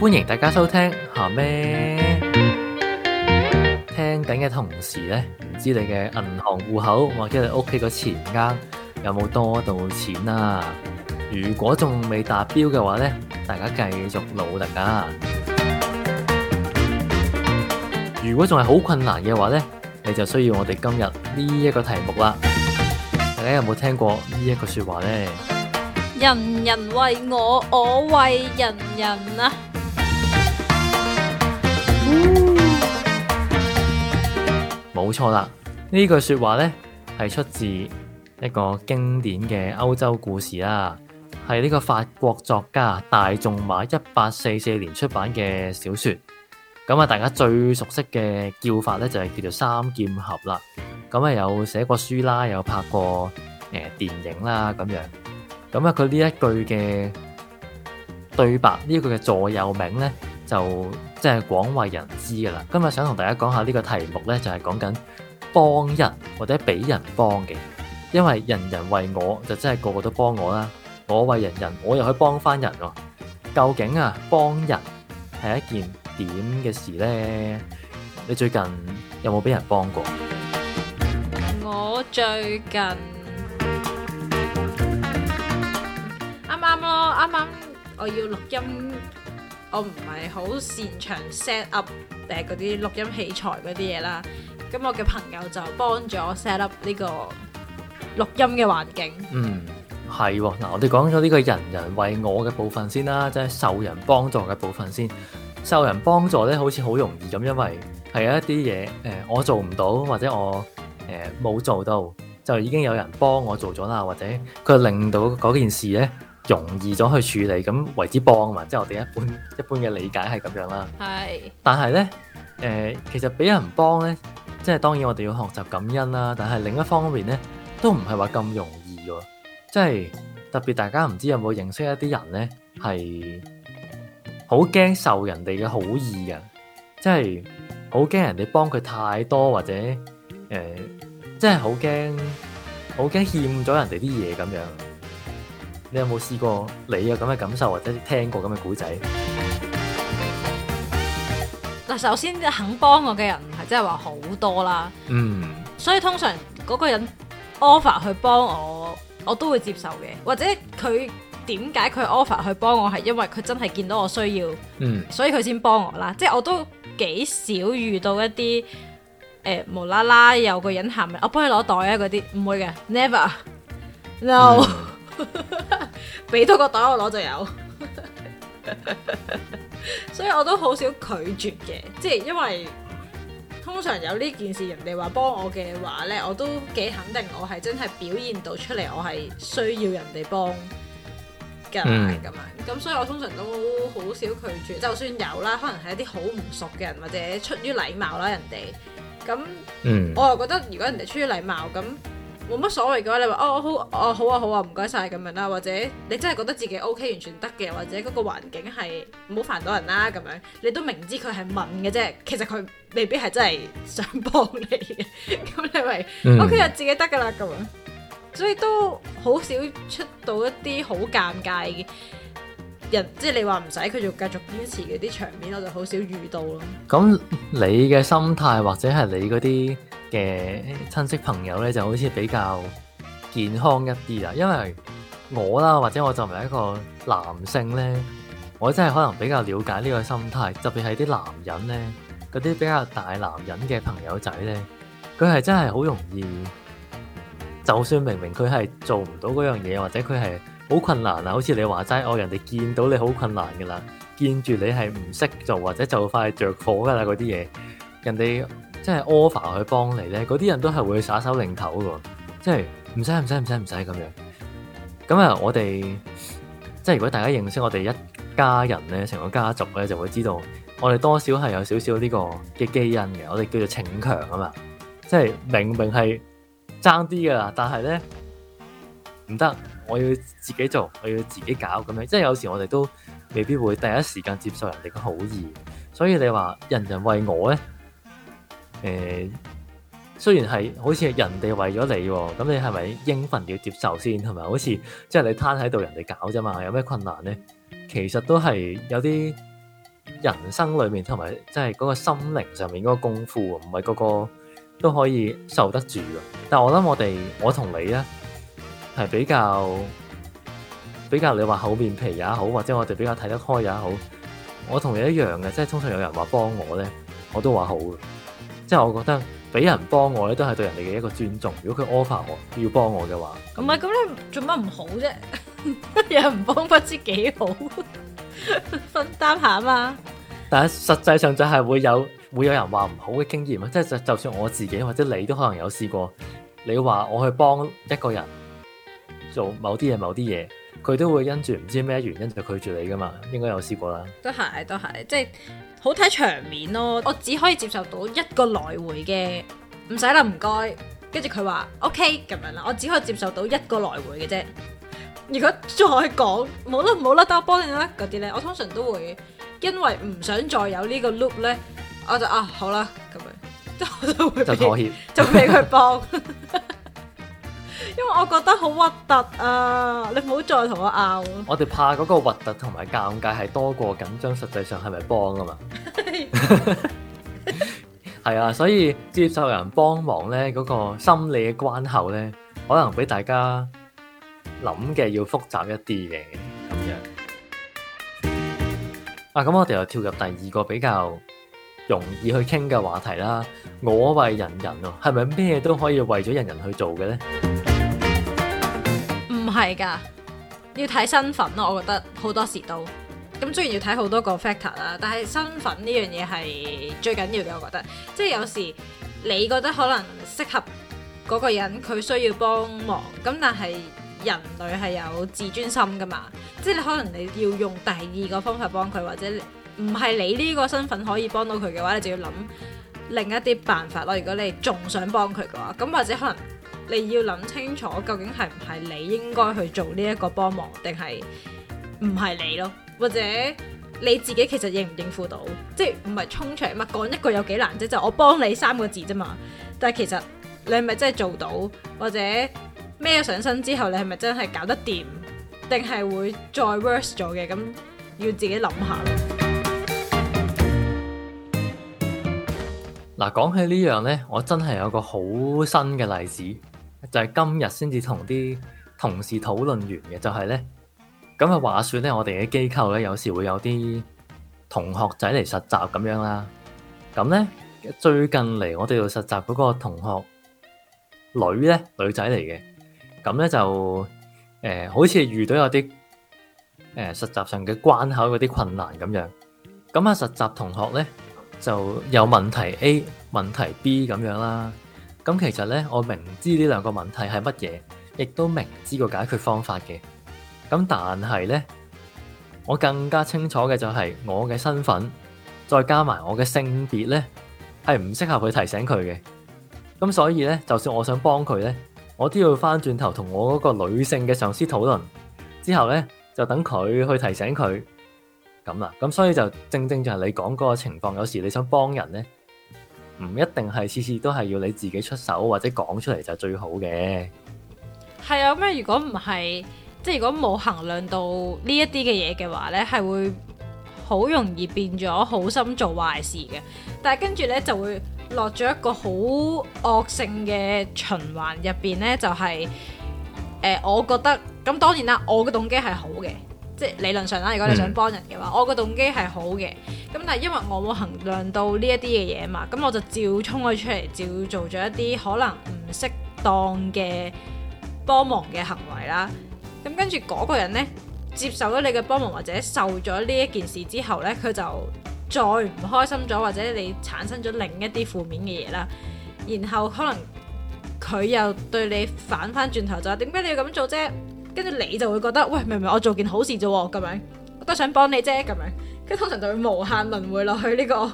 歡迎大家收聽，是嗯、聽緊嘅同時咧，唔知你嘅銀行戶口或者你屋企個錢罌有冇多到錢啊？如果仲未達標嘅話咧，大家繼續努力啊！如果仲係好困難嘅話咧，你就需要我哋今日呢一個題目啦。大家有冇聽過這呢一個說話咧？人人為我，我為人人啊！冇錯啦，呢句說話呢係出自一個經典嘅歐洲故事啦，係呢個法國作家大仲馬一八四四年出版嘅小說。咁啊，大家最熟悉嘅叫法呢，就係叫做三劍俠啦。咁啊，有寫過書啦，有拍過誒電影啦，咁樣。咁啊，佢呢一句嘅對白，呢句嘅座右銘呢。就即係廣為人知噶啦，今日想同大家講下呢個題目呢，就係講緊幫人或者俾人幫嘅。因為人人為我就真係個個都幫我啦，我為人人，我又可以幫翻人喎。究竟啊，幫人係一件點嘅事呢？你最近有冇俾人幫過？我最近啱啱咯，啱啱我要錄音。我唔係好擅長 set up 誒嗰啲錄音器材嗰啲嘢啦，咁我嘅朋友就幫咗 set up 呢個錄音嘅環境。嗯，係、哦，嗱，我哋講咗呢個人人為我嘅部分先啦，即係受人幫助嘅部分先。受人幫助咧，好似好容易咁，因為係有一啲嘢誒我做唔到或者我呃冇做到，就已經有人幫我做咗啦，或者佢令到嗰件事咧。容易咗去處理，咁為之幫嘛，即係我哋一般一般嘅理解係咁樣啦。係，但係咧、呃，其實俾人幫咧，即係當然我哋要學習感恩啦、啊。但係另一方面咧，都唔係話咁容易喎、啊。即係特別大家唔知有冇認識一啲人咧，係好驚受人哋嘅好意呀、啊，即係好驚人哋幫佢太多或者、呃、即係好驚好驚欠咗人哋啲嘢咁樣。你有冇試過你有咁嘅感受，或者聽過咁嘅古仔？嗱，首先肯幫我嘅人係真係話好多啦。嗯，所以通常嗰個人 offer 去幫我，我都會接受嘅。或者佢點解佢 offer 去幫我，係因為佢真係見到我需要。嗯，所以佢先幫我啦。即係我都幾少遇到一啲誒、欸，無啦啦有個人喊我幫佢攞袋啊，嗰啲唔會嘅，never no、嗯。俾 多個袋我攞就有， 所以我都好少拒絕嘅，即係因為通常有呢件事人哋話幫我嘅話呢，我都幾肯定我係真係表現到出嚟，我係需要人哋幫嘅咁樣，咁、嗯、所以我通常都好少拒絕。就算有啦，可能係一啲好唔熟嘅人或者出於禮貌啦人哋，咁我又覺得如果人哋出於禮貌咁。冇乜所謂嘅話，你話哦，好哦，好啊，好啊，唔該晒咁樣啦，或者你真係覺得自己 OK 完全得嘅，或者嗰個環境係唔好煩到人啦，咁樣你都明知佢係問嘅啫，其實佢未必係真係想幫你嘅，咁 你咪 OK 就、嗯、OK，自己得噶啦，咁樣所以都好少出到一啲好尷尬嘅人，即係你話唔使佢就繼續堅持嗰啲場面，我就好少遇到咯。咁你嘅心態或者係你嗰啲？嘅親戚朋友咧就好似比較健康一啲啦，因為我啦或者我就唔係一個男性咧，我真係可能比較了解呢個心態，特別係啲男人咧，嗰啲比較大男人嘅朋友仔咧，佢係真係好容易，就算明明佢係做唔到嗰樣嘢，或者佢係好困難啊，好似你話齋哦，人哋見到你好困難㗎啦，見住你係唔識做或者就快着火噶啦嗰啲嘢，人哋。即係 offer 去幫你咧，嗰啲人都係會耍手擰頭嘅，即係唔使唔使唔使唔使咁樣。咁啊，我哋即係如果大家認識我哋一家人咧，成個家族咧，就會知道我哋多少係有少少呢個嘅基因嘅，我哋叫做逞強啊嘛。即係明明係爭啲啦，但係咧唔得，我要自己做，我要自己搞咁樣。即係有時我哋都未必會第一時間接受人哋嘅好意，所以你話人人為我咧。誒、呃，雖然係好似人哋為咗你，咁你係咪應份要接受先？係咪好似即係你攤喺度，人哋搞啫嘛？有咩困難咧？其實都係有啲人生裏面同埋即係嗰個心靈上面嗰個功夫，唔係個個都可以受得住噶。但係我諗我哋，我同你咧係比較比較你話厚面皮也好，或者我哋比較睇得開也好，我同你一樣嘅，即係通常有人話幫我咧，我都話好。即係我覺得俾人幫我咧，都係對人哋嘅一個尊重。如果佢 offer 我要幫我嘅話，咁係咁你做乜唔好啫？乜嘢唔幫不知幾好， 分擔下啊嘛。但係實際上就係會有會有人話唔好嘅經驗，即係就、就算我自己或者你都可能有試過。你話我去幫一個人做某啲嘢、某啲嘢，佢都會因住唔知咩原因就拒絕你噶嘛？應該有試過啦。都係都係，即係。好睇場面咯，我只可以接受到一個來回嘅，唔使啦，唔該。跟住佢話 OK，咁樣啦，我只可以接受到一個來回嘅啫。如果再講冇啦冇啦，幫你啦嗰啲咧，我通常都會因為唔想再有呢個 loop 咧，我就啊，好啦咁樣，我都會就妥協，就俾佢幫。因為我覺得好核突啊！你唔好再同我拗。我哋怕嗰個核突同埋尷尬係多過緊張，實際上係咪幫啊嘛？係 啊，所以接受人幫忙咧，嗰個心理嘅關口咧，可能比大家諗嘅要複雜一啲嘅咁樣。 啊，咁我哋又跳入第二個比較容易去傾嘅話題啦。我為人人喎，係咪咩都可以為咗人人去做嘅咧？係噶，要睇身份咯。我覺得好多時都咁，雖然要睇好多個 factor 啦，但係身份呢樣嘢係最緊要嘅。我覺得，即係有時你覺得可能適合嗰個人，佢需要幫忙，咁但係人類係有自尊心噶嘛？即係你可能你要用第二個方法幫佢，或者唔係你呢個身份可以幫到佢嘅話，你就要諗另一啲辦法咯。如果你仲想幫佢嘅話，咁或者可能。你要諗清楚，究竟係唔係你應該去做呢一個幫忙，定係唔係你咯？或者你自己其實應唔應付到？即係唔係充場乜？講一句有幾難啫，就係我幫你三個字啫嘛。但係其實你係咪真係做到？或者咩上身之後，你係咪真係搞得掂？定係會再 worse 咗嘅？咁要自己諗下。嗱，講起呢樣呢，我真係有個好新嘅例子。就係、是、今日先至同啲同事討論完嘅，就係咧咁啊話説咧，我哋嘅機構咧有時會有啲同學仔嚟實習咁樣啦。咁咧最近嚟我哋度實習嗰個同學女咧女仔嚟嘅，咁咧就誒、呃、好似遇到有啲誒、呃、實習上嘅關口嗰啲困難咁樣。咁啊實習同學咧就有問題 A 問題 B 咁樣啦。咁其實咧，我明知呢兩個問題係乜嘢，亦都明知個解決方法嘅。咁但係咧，我更加清楚嘅就係我嘅身份，再加埋我嘅性別咧，係唔適合去提醒佢嘅。咁所以咧，就算我想幫佢咧，我都要返轉頭同我嗰個女性嘅上司討論，之後咧就等佢去提醒佢。咁啦，咁所以就正正就係你講嗰個情況，有時你想幫人咧。唔一定係次次都係要你自己出手，或者講出嚟，就最好嘅。係啊，咁如果唔係，即係如果冇衡量到呢一啲嘅嘢嘅話呢，係會好容易變咗好心做壞事嘅。但係跟住呢，就會落咗一個好惡性嘅循環入邊呢就係、是呃、我覺得咁當然啦，我嘅動機係好嘅。即係理論上啦，如果你想幫人嘅話，嗯、我個動機係好嘅。咁但係因為我冇衡量到呢一啲嘅嘢嘛，咁我就照衝佢出嚟，照做咗一啲可能唔適當嘅幫忙嘅行為啦。咁跟住嗰個人呢，接受咗你嘅幫忙或者受咗呢一件事之後呢，佢就再唔開心咗，或者你產生咗另一啲負面嘅嘢啦。然後可能佢又對你反翻轉頭就話：點解你要咁做啫？跟住你就會覺得，喂，明明我做件好事啫，咁樣我都想幫你啫，咁樣，跟住通常就會無限輪回落去呢、這個，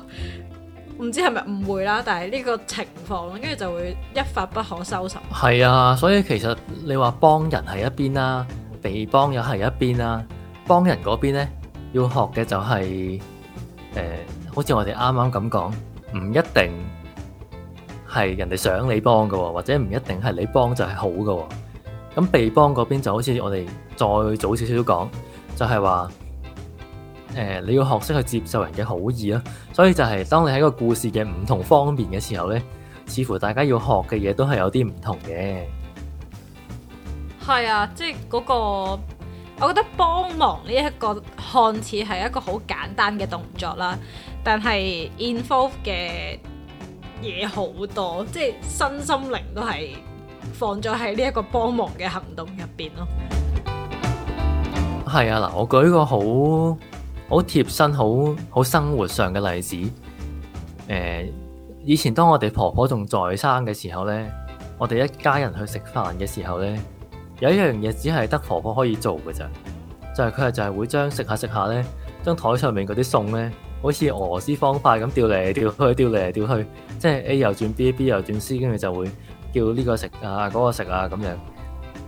唔知係咪誤會啦，但係呢個情況，跟住就會一發不可收拾。係啊，所以其實你話幫人係一邊啦，被幫又係一邊啦，幫人嗰邊呢，要學嘅就係、是，誒、呃，好似我哋啱啱咁講，唔一定係人哋想你幫噶，或者唔一定係你幫就係好噶。咁被幫嗰邊就好似我哋再早少少講，就係話誒你要學識去接受人嘅好意啦。所以就係當你喺個故事嘅唔同方面嘅時候呢，似乎大家要學嘅嘢都係有啲唔同嘅。係啊，即係嗰個，我覺得幫忙呢一個看似係一個好簡單嘅動作啦，但係 involve 嘅嘢好多，即係身心靈都係。放咗喺呢一個幫忙嘅行動入邊咯。係啊，嗱，我舉個好好貼身、好好生活上嘅例子。誒、呃，以前當我哋婆婆仲在生嘅時候咧，我哋一家人去食飯嘅時候咧，有一樣嘢只係得婆婆可以做嘅咋，就係佢係就係會將食下食下咧，將枱上面嗰啲餸咧，好似俄羅斯方塊咁掉嚟掉去、掉嚟掉去，即係 A 又轉 B，B 又轉 C，跟住就會。叫呢個食啊，嗰、那個食啊咁樣，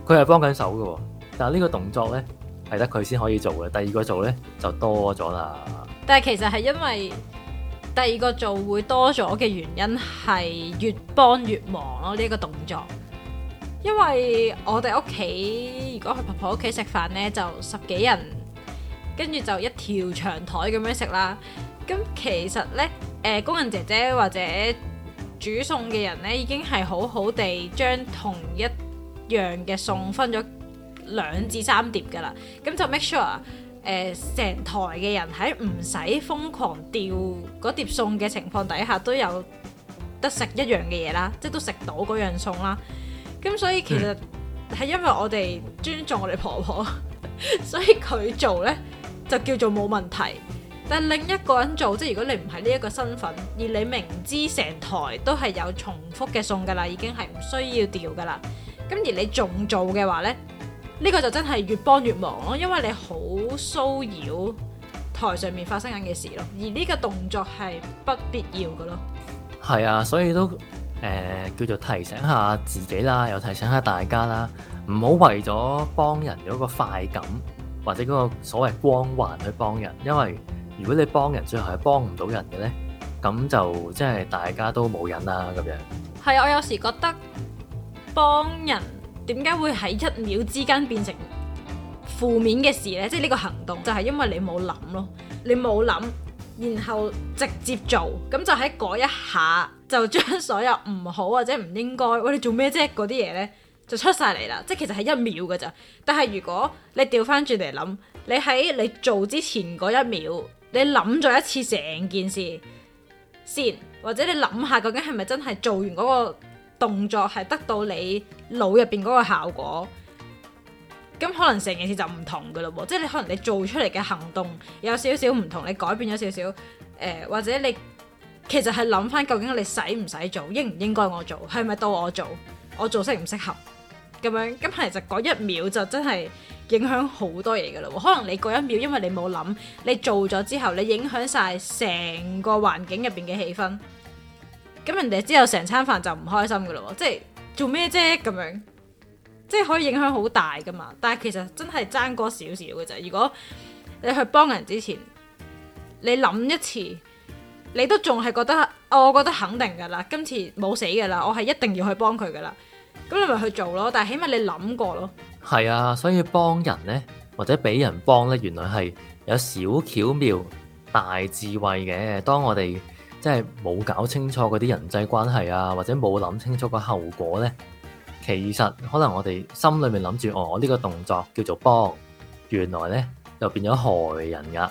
佢係幫緊手嘅，但係呢個動作呢，係得佢先可以做嘅，第二個做呢，就多咗啦。但係其實係因為第二個做會多咗嘅原因係越幫越忙咯，呢、這、一個動作。因為我哋屋企如果去婆婆屋企食飯呢，就十幾人，跟住就一條長枱咁樣食啦。咁其實呢，誒、呃、工人姐姐或者。煮餸嘅人呢，已經係好好地將同一樣嘅餸分咗兩至三碟㗎喇，咁就 make sure 誒成台嘅人喺唔使瘋狂掉嗰碟餸嘅情況底下，都有得食一樣嘅嘢啦，即係都食到嗰樣餸啦。咁所以其實係因為我哋尊重我哋婆婆，所以佢做呢，就叫做冇問題。但另一個人做，即係如果你唔係呢一個身份，而你明知成台都係有重複嘅餸㗎啦，已經係唔需要調㗎啦。咁而你仲做嘅話呢，呢、呢個就真係越幫越忙咯，因為你好騷擾台上面發生緊嘅事咯。而呢個動作係不必要㗎咯。係啊，所以都誒、呃、叫做提醒下自己啦，又提醒下大家啦，唔好為咗幫人嗰個快感或者嗰個所謂光環去幫人，因為。如果你幫人最後係幫唔到人嘅呢，咁就即係大家都冇癮啦。咁樣係我有時覺得幫人點解會喺一秒之間變成負面嘅事呢？即係呢個行動就係因為你冇諗咯，你冇諗，然後直接做咁就喺嗰一下就將所有唔好或者唔應該，喂你做咩啫？嗰啲嘢呢，就出晒嚟啦。即係其實係一秒㗎咋，但係如果你調翻轉嚟諗，你喺你做之前嗰一秒。你諗咗一次成件事先，或者你諗下究竟係咪真係做完嗰個動作係得到你腦入邊嗰個效果？咁可能成件事就唔同噶喇喎，即係你可能你做出嚟嘅行動有少少唔同，你改變咗少少，呃，或者你其實係諗翻究竟你使唔使做，應唔應該我做，係咪到我做，我做適唔適合咁樣？咁其實嗰一秒就真係。影響好多嘢噶啦，可能你過一秒因為你冇諗，你做咗之後，你影響晒成個環境入邊嘅氣氛，咁人哋之後成餐飯就唔開心噶啦，即係做咩啫咁樣，即係可以影響好大噶嘛。但係其實真係爭嗰少少嘅咋。如果你去幫人之前，你諗一次，你都仲係覺得，我覺得肯定噶啦，今次冇死噶啦，我係一定要去幫佢噶啦。咁你咪去做咯，但係起碼你諗過咯。係啊，所以幫人呢，或者俾人幫呢，原來係有小巧妙、大智慧嘅。當我哋即係冇搞清楚嗰啲人際關係啊，或者冇諗清楚個後果呢，其實可能我哋心裏面諗住，哦，我呢個動作叫做幫，原來呢，就變咗害人㗎。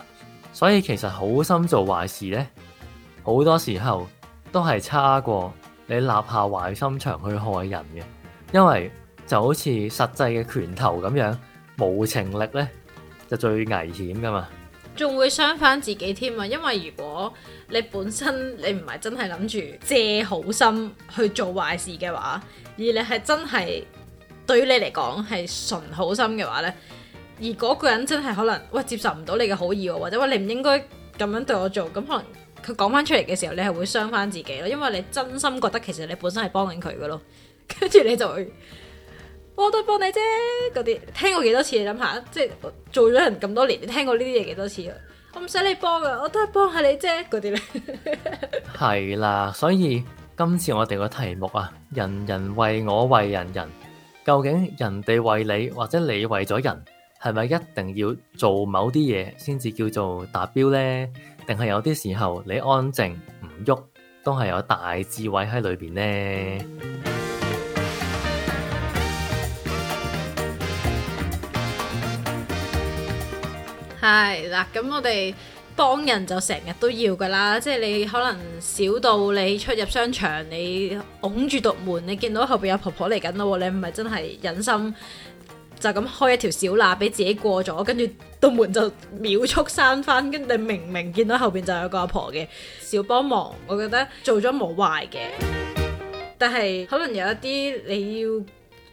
所以其實好心做壞事呢，好多時候都係差過你立下壞心腸去害人嘅，因為。就好似實際嘅拳頭咁樣，無情力呢，就最危險噶嘛。仲會傷翻自己添啊！因為如果你本身你唔係真係諗住借好心去做壞事嘅話，而你係真係對於你嚟講係純好心嘅話呢，而嗰個人真係可能喂接受唔到你嘅好意，或者話你唔應該咁樣對我做，咁可能佢講翻出嚟嘅時候，你係會傷翻自己咯。因為你真心覺得其實你本身係幫緊佢噶咯，跟住你就會。我都幫你啫，嗰啲聽過幾多次？你諗下，即係做咗人咁多年，你聽過呢啲嘢幾多次啊？我唔使你幫㗎，我都係幫下你啫，嗰啲咧。係 啦，所以今次我哋個題目啊，人人為我，為人人，究竟人哋為你，或者你為咗人，係咪一定要做某啲嘢先至叫做達標呢？定係有啲時候你安靜唔喐，都係有大智慧喺裏面呢？係啦，咁我哋幫人就成日都要噶啦，即係你可能少到你出入商場，你拱住道門，你見到後邊有婆婆嚟緊咯，你唔係真係忍心就咁開一條小罅俾自己過咗，跟住道門就秒速閂翻，跟住明明見到後邊就有個阿婆嘅，少幫忙，我覺得做咗冇壞嘅，但係可能有一啲你要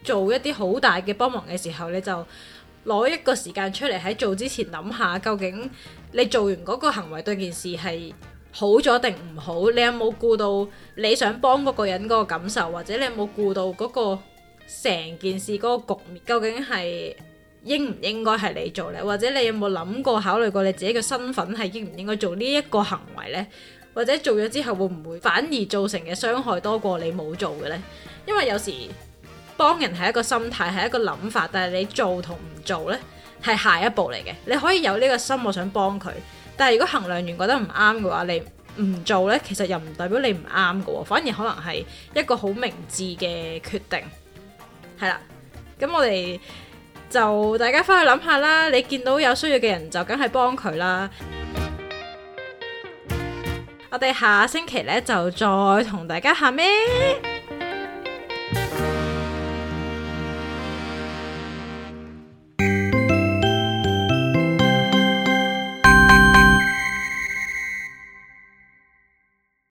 做一啲好大嘅幫忙嘅時候，你就。攞一個時間出嚟喺做之前諗下，究竟你做完嗰個行為對件事係好咗定唔好？你有冇顧到你想幫嗰個人嗰個感受，或者你有冇顧到嗰、嗰個成件事嗰個局面，究竟係應唔應該係你做呢？或者你有冇諗過考慮過你自己嘅身份係應唔應該做呢一個行為呢？或者做咗之後會唔會反而造成嘅傷害多過你冇做嘅呢？因為有時。幫人係一個心態，係一個諗法，但係你做同唔做呢，係下一步嚟嘅。你可以有呢個心，我想幫佢，但係如果衡量完覺得唔啱嘅話，你唔做呢，其實又唔代表你唔啱喎，反而可能係一個好明智嘅決定。係啦，咁我哋就大家翻去諗下啦。你見到有需要嘅人就梗係幫佢啦。 我哋下星期呢，就再同大家下咩？